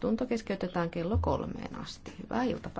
Tunto keskeytetään kello kolmeen asti. Hyvää iltapäivää.